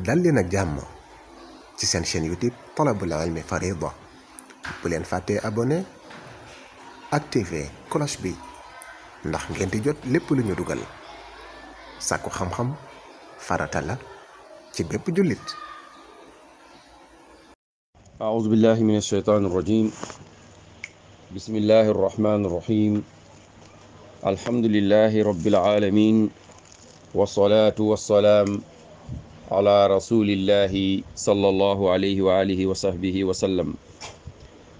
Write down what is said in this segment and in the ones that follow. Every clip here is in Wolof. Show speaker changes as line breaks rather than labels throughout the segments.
dal leen ak jàmm ci seen chaîne youtube talabul ilmi farida bu leen fàttee abonné activer cloche bi ndax ngeen di jot lépp lu ñu dugal sàkku xam-xam farata la ci bépp jullit أعوذ بالله من الشيطان الرجيم بسم الله الرحمن الرحيم الحمد لله رب العالمين والصلاة والسلام ala rasulillahi sallallahu alayhi wa alihi wa sahbihi wa sallam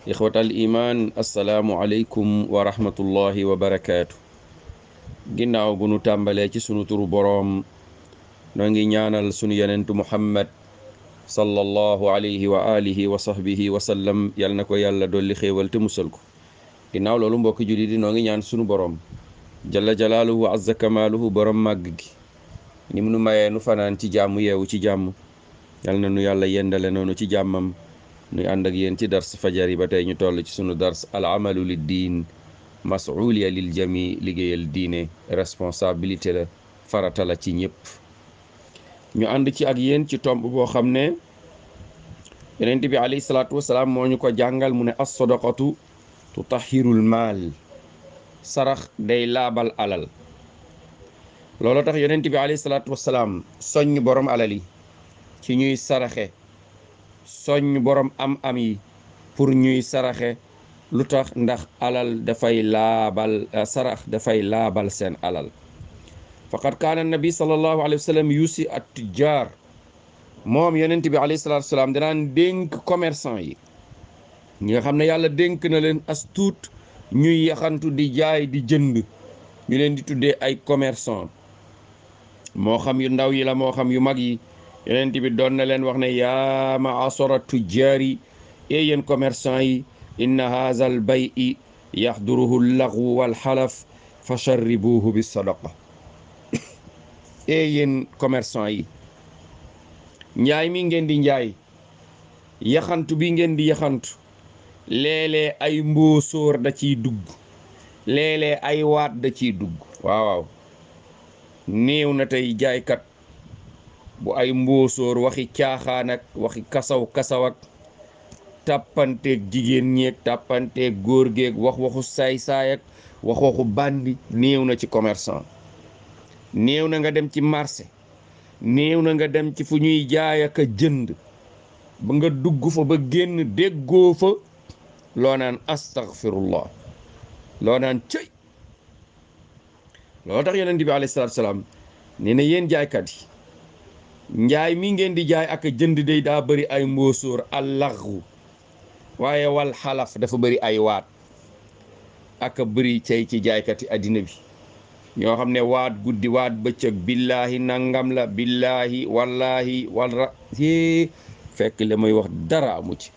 ixwata al iman assalaamu aleykum wa rahmatullahi wa barakaatu ginnaaw bu nu tàmbalee ci sunu turu boroom noo ngi ñaanal sunu yenentu muhammad sallallahu alayhi wa alihi wa sahbihi wa sallam yal na ko yàlla dolli xéewal te musal ko loolu mbokki julli di ñaan sunu boroom jalla jalaaluhu boroom màgg gi ni mu nu mayee nu fanaan ci jàmm yeewu ci jàmm yal na nu yàlla yendale noonu ci jàmmam nuy ànd ak yéen ci dars fajar yi ba tey ñu toll ci sunu dars al amalu lid diin masuuliya lil jami liggéeyal diine responsabilité la faratala ci ñépp ñu ànd ci ak yéen ci tomb boo xam ne yonent bi alayhi salaatu wasalaam moo ñu ko jàngal mu ne as sadaqatu tutahirul maal sarax day laabal alal looloo tax yonent bi alayhi salaatu wasalaam soññ borom alal yi ci ñuy saraxe soññ borom am-am yi pour ñuy saraxe lu tax ndax alal dafay laabal euh, sarax dafay laabal seen alal faqad kaana nabi sallallahu alayhi wa sallam yusi at tijjaar moom yonent bi alayhi salaatu wasalaam danaa dénk commerçant yi ñi nga xam ne yàlla dénk na leen as tuut ñuy yaxantu di jaay di jënd ñu leen di tuddee ay commerçant moo xam yu ndaw yi la moo xam yu mag yi yeneen bi doon na leen wax ne yaa ma'ashara tujjaari ee yéen yi inna haza al bay'i yaxduruhu laxwu wal xalaf fa charribuuhu bi sadaqa ee yéen yi njaay mi ngeen di njaay yaxantu bi ngeen di yaxantu léeg ay mbóosóor da ciy dugg léeg ay waat da ciy dugg waaw néew na tey jaaykat bu ay mbóosóor waxi caaxaan ak waxi kasaw kasaw ak tàppanteeg jigéen ñeeg tàppanteeg góor geek wax waxu saay saay ak wax waxu bandi néew na ci commerçant néew na nga dem ci marché néew na nga dem ci fu ñuy jaay ak a jënd ba nga dugg fa ba génn déggoo fa loo naan astaghfirullah loo naan cëy loo tax yonent bi alayhi salaatu salaam nee na yéen jaaykat yi njaay mi ngeen di jaay ak jënd day daa bari ay mbóosóor allaxu waaye wal dafa bari ay waat ak bëri cay ci jaaykati àddina bi ñoo xam ne waat guddi waat bëccëg billaahi nangam la billaahi wallaahi walra fekk la may wax dara amu ci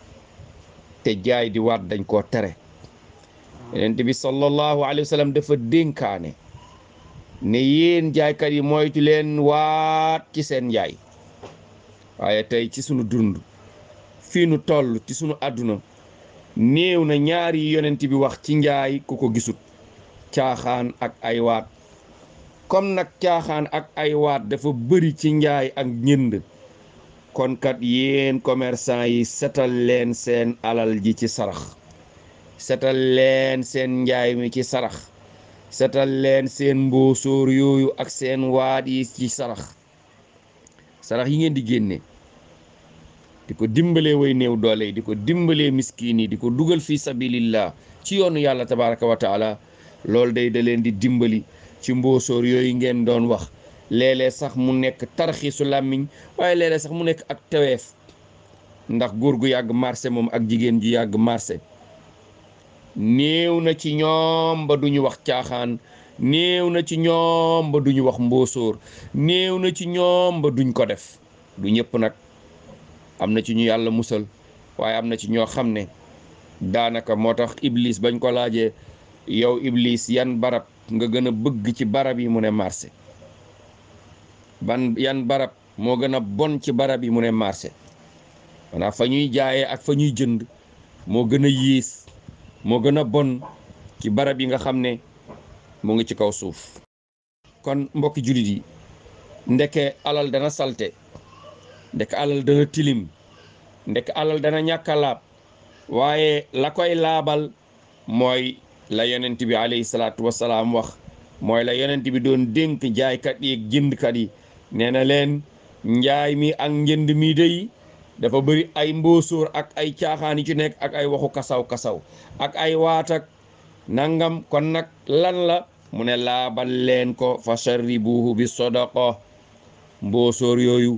te jaay di waat dañ koo tere yonent bi sallallahu alayhi wa sallam dafa dénkaane ne yéen jaaykat yi moytu leen waat ci seen njaay waaye tey ci sunu dund fii nu toll ci sunu àdduna néew na ñaari yi yonent bi wax ci njaay ku ko gisut caaxaan ak ay waat comme nag caaxaan ak ay waat dafa bari ci njaay ak njënd kon kat yéen commerçant yi seetal leen seen alal ji ci sarax setal leen seen njaay mi ci sarax setal leen seen mboosóor yooyu ak seen waat yi ci sarax sarax yi ngeen di génne di ko dimbalee way néew doole yi di ko dimbalee miskiin yi di ko dugal fi sabilillah ci yoonu yàlla tabaraka wa taala loolu day da leen di dimbali ci mboosóor yooyu ngeen doon wax léeg sax mu nekk tarxiisu làmmiñ waaye léeg sax mu nekk ak teweef ndax góor gu yàgg marché moom ak jigéen ju yàgg marché néew na ci ñoom ba duñu wax caaxaan néew na ci ñoom ba duñu wax mbóosóor néew na ci ñoom ba duñ ko def du ñëpp nag am na ci ñu yàlla musal waaye am na ci ñoo xam ne daanaka moo tax iblis bañ ko laajee yow iblis yan barab nga gën a bëgg ci barab yi mu ne marché ban yan barab moo gën a bon ci barab yi mu ne marché maanaam fa ñuy jaayee ak fa ñuy jënd moo gën a yées moo gën a bon ci barab yi nga xam ne mu ngi ci kaw suuf kon mbokki jullit yi ndeke alal dana salte ndeke alal dana tilim ndeke alal dana ñàkk laab waaye la koy laabal mooy la yonent bi alayhi salaatu wasalaam wax mooy la yonent bi doon dénk jaaykat yi jëndkat yi nee na leen njaay mi ak njënd mi dey dafa bëri ay mbóosóor ak ay caaxaan yi ci nekk ak ay waxu kasaw kasaw ak ay waatak nangam kon nag lan la mu ne laabal leen ko fa sharribuhu bi sodoko mbóosóor yooyu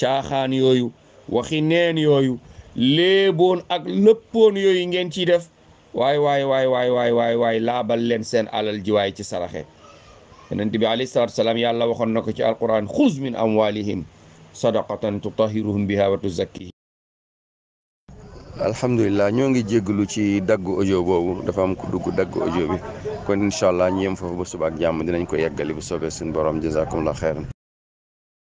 caaxaan yooyu waxi neen yooyu léeboon ak lëppoon yooyu ngeen ciy def waay waay waay waay waay waay waay laabal leen seen alal jiwaay ci saraxe yonent bi alayhi salaatu wa salaam yàlla waxoon na ko ci alquran xuz min amwalihim sadaqatan tutahiruhum biha wa tuzakkihi alhamdulilah ñoo ngi jéggalu ci dagg ojo boobu dafa am ku dugg dagg ojo bi kon incha allah ñu yem foofu ba suba ak jàmm dinañ ko yeggali bu soobee suñu borom jazakumullah xeyran